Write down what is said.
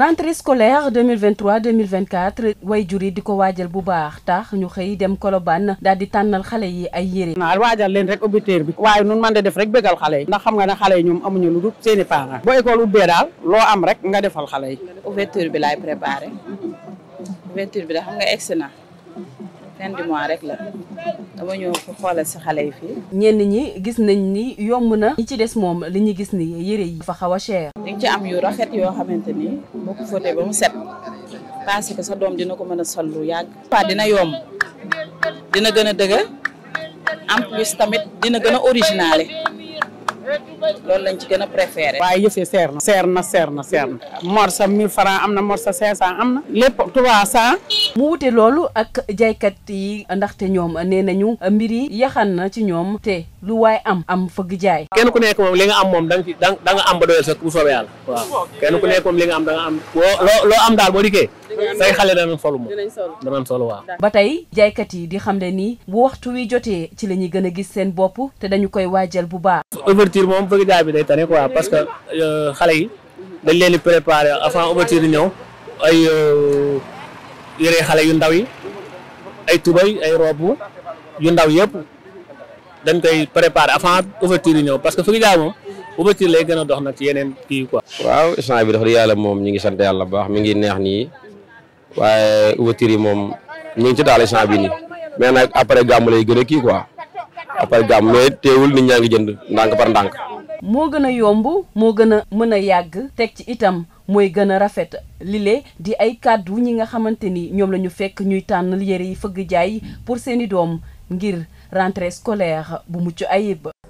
rentrée scolaire 2023-2024 waajur yi di ko waajal bu baax tax ñu xëy dem Colobane daal di tànnal xale yi ay yére naa waajal leen rek ubbiteer bi waaye nun man de def rek bégal xale yi ndax xam nga ne xale yi ñoom amuñu lu dul seeni parents boo école ubbee daal loo am rek nga defal xale yi ouverture bi laay préparé ouverture bi da xam nga egsi na fin du mois rek la dama ñëw pour xoolal si xale yi fii. ñenn ñi gis nañ ni yomb na. ñi ci des moom li ñu gis ni yére yi. fa xaw a cher. di ci am yu rafet yoo xamante ni boo ko fóotee ba mu set paase ko sa doom dina ko mën a sol yàgg. waa dina yomb dina gën a dëgër en plus tamit dina gën a originale. loolu lañ ci gën a préféré. waaye yëf yi seer na seer na seer na seer na morsa 1000 francs am na morsa 500 am na lépp sa mu wute loolu ak jaaykat yi ndaxte ñoom nee nañu mbir yi yaxan na ci ñoom te lu waaye am am fëgg jaay. kenn ku nekk moom li nga am moom da nga da am ba doyal sa bu soobee yàlla waaw kenn ku nekk moom li nga am da nga am loo loo am daal boo liggéey say xale danañ solu moom danañ solu waaw ba tey jaaykat yi di xam ne nii bu waxtu wi jotee ci la ñuy gën a gis seen bopp te dañu koy waajal bu baax ouverture moom bëgg jaay bi day tane waa parce que euh, xale yi dañ leen di préparer avant ouverture di ñëw ay euh, yére xale yu ndaw yi ay tubay ay robe yu ndaw yëpp dañ koy préparer avant ouverture yi ñëw parce que Fouga Dia moom ouverture lay gën a dox nag ci yeneen kii quoi. waaw instant bi dafa yàlla moom ñu ngi sant yàlla bu baax mi ngi neex nii waaye ouverture yi moom ñu ngi ci daal échange bi nii mais nag après gàmm lay gën a kii quoi après gàmm mais teewul nit ñaa ngi jënd ndànk par ndànk. moo gën a yomb moo gën a mën a yàgg teg ci itam mooy gën a rafet lile di ay kàddu ñi nga xamante ni ñoom la ñu fekk ñuy tànn yére yi fëgg jaay pour seeni doom ngir rentrée scolaire bu mucc ayib.